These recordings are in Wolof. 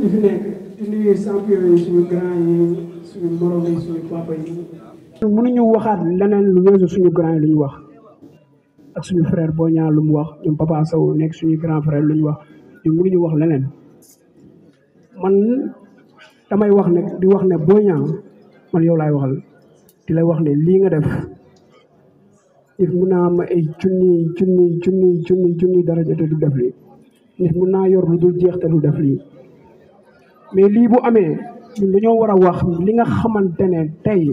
ñi fi nekk di nuyu suñu grand yi suñu morom yi suñu papa yi. mënuñu waxaat leneen lu weesu suñu grand yi lu ñu wax ak suñu frère Boña lu wax ñoom Papa Sow nekk suñu grand frère lu ñu wax ñun mënuñu wax leneen man damay wax ne di wax ne Boña man yow laay waxal di lay wax ne lii nga def. nit mun naa am ay junni junni junni junni junni daraja te du def lii nit mun naa yor lu dul jeex te du def mais lii bu amee ñun dañoo war a wax li nga xamante ne tey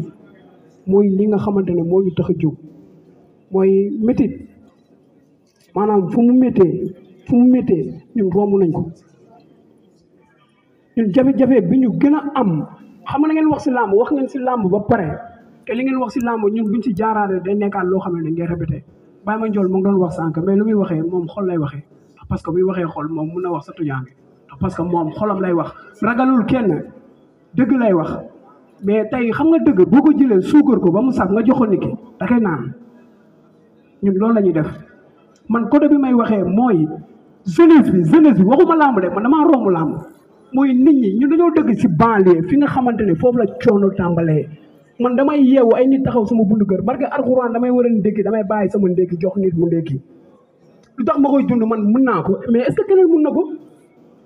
mooy li nga xamante ne moo ñu tax a jóg mooy métit maanaam fu mu méttee fu mu méttee ñun nañ ko ñun jafe-jafe bi ñu gën a am xam nga ngeen wax si làmb wax ngeen si làmb ba pare te li ngeen wax si làmb ñun buñ si jaaraale day nekkaat loo xam ne dañ ngay répété Baye Mandione mu ngi doon wax sànq mais lu muy waxe moom xool lay waxee parce que buy waxee xol moom mun na wax sa tujaange parce que moom xolam lay wax ragalul kenn dëgg lay wax mais tey xam nga dëgg boo ko jëlee suukar ko ba mu saf nga joxo ni ki da naan ñun loolu la ñuy def man côté bi may waxee mooy jeunesse bi jeunesse bi waxuma làmb de man damaa romb làmb mooy nit ñi ñu dañoo dëgg si banlieue fi nga xamante ne foofu la coono tàmbalee man damay yeewu ay nit taxaw sama buntu kër barke alxuraan damay war a ndékki damay bàyyi sama ndékki jox nit mu ndékki lu tax ma koy dund man mun naa ko mais est-ce keneen mun na ko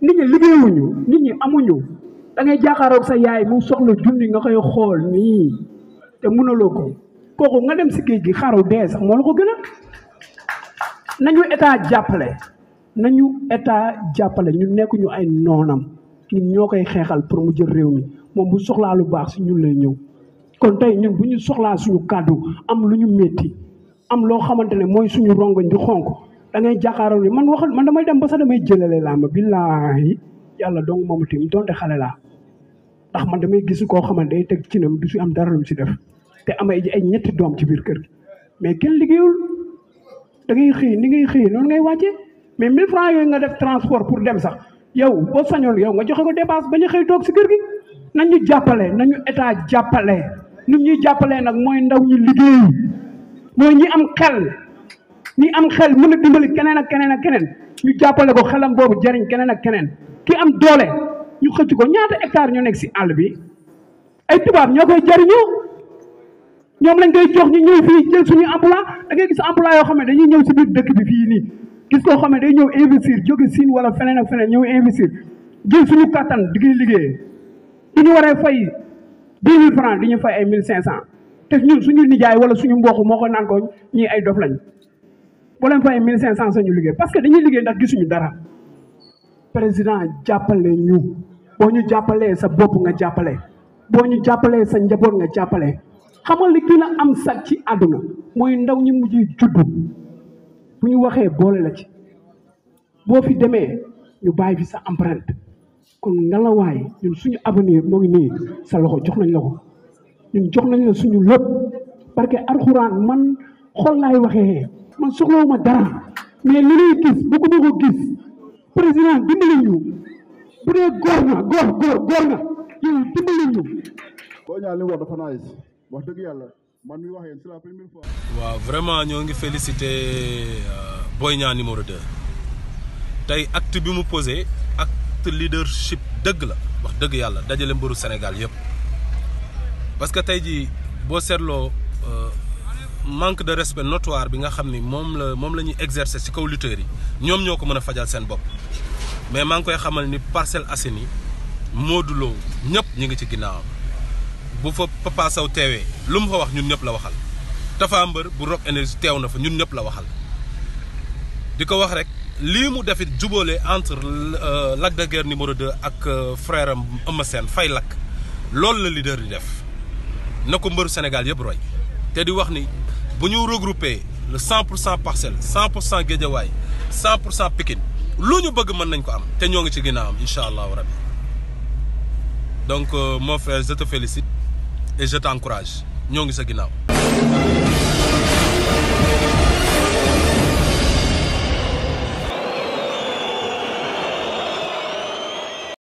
nit ñi liggéeyuñu nit ñi amuñu da ngay jàkkaaroog sa yaay mu soxla junni nga koy xool nii te mënaloo ko kooku nga dem si géej gi xaru dee sax moo la ko gën a nañu état jàppale nañu état jàppale ñu nekk ay noonam ñun ñoo koy xeexal pour mu jël réew mi moom bu soxlaa lu baax si ñun lay ñëw kon tey ñun bu ñu soxlaa suñu kàddu am lu ñu metti am loo xamante ne mooy suñu rongoñ di xonk da ngay jàkkaarloo ni man waxal man damay dem ba sax damay jëlale làmb billaahi yàlla dong moomu tim donte xale laa ndax man damay gis koo xamante day teg cinam du si am dara lu si def te am ay ñett doom ci biir kër gi mais kenn liggéeyul da ngay xëy ni ngay xëy noonu ngay wàcce mais 1000 francs yooyu nga def transport pour dem sax yow boo sañoon yow nga joxe ko dépense ba ñu xëy toog si kër gi nañu jàppale nañu état jàppale nu ñuy jàppalee nag mooy ndaw ñu liggéey mooy ñi am xel ñi am xel mën a dimbali keneen ak keneen ak keneen ñu jàppale ko xelam boobu jariñ keneen ak keneen ki am doole ñu xëcc ko ñaata hectare ñu nekk si àll bi ay tubaab ñoo koy jariñoo ñoom lañ koy jox ñu ñëw fii jël suñu emploi da ngay gis yoo xam ne dañuy ñëw si biir dëkk bi fii nii gis koo xam ne day ñëw investir jóge siin wala feneen ak feneen ñëw investir jël suñu kàttan di koy liggéeyee di waree fay dix mille francs di ñu fay ay mille cinq cent te ñun suñu nijaay wala suñu mbokk moo ko ñii ay dof lañ boo leen fayee mille cinq cent ñu liggéey parce que dañuy liggéey ndax gisuñu dara président jàppale ñu boo ñu jàppalee sa bopp nga jàppale boo ñu jàppalee sa njaboot nga jàppale xamal li gën a am sax ci àdduna mooy ndaw ñi mujj juddu bu ñu waxee boole la ci boo fi demee ñu bàyyi fi sa empreinte kon ngalawaay ñun suñu avenir moo ngi nii sa loxo jox nañ la ko ñun jox nañ la suñu lépp parce que alxuraan man xol laay waxee man soxlawuma dara mais li ñuy gis bëgguma ko gis président dimbali ñu bu dee góor na góor góor góor na yow dimbali ñu. boo ñaan li wax dafa naa wax dëgg yàlla man mi wax yéen c'est la première waaw vraiment ñoo ngi félicité euh, booy Niang numéro 2 tey acte bi mu posé acte leadership dëgg la wax dëgg yàlla dajale mbëru Sénégal yëpp parce que tey jii boo seetloo. manque de respect notoire bi nga xam ni moom la moom la ñuy exercer ci kaw lutteurs yi ñoom ñoo ko mën a fajal seen bopp mais maa ngi koy xamal ni Parcelles Assainies Modou Lo ñëpp ñu ngi ci ginnaawam bu fa Papa teewee lu mu fa wax ñun ñëpp la waxal Tapha Mbeur bu Rock Énergie teew na fa ñun ñëpp la waxal di ko wax rek lii mu defit jubalee entre euh, Lac de Guiers numéro 2 ak euh, frère am Eumeu Sène fay lakk loolu la leader di def na ko mbëru Sénégal yëpp roy te di wax ni bu ñu regroupé le 100 pour cent parcelle 100 pour cent géejawaay 100 pour cent Pikine lu ñu bëgg mën nañ ko am te ñoo ngi ci am incha allahu rabbi donc euh, mon frère je te félicite et je t'encourage ñoo ngi sa ginnaaw.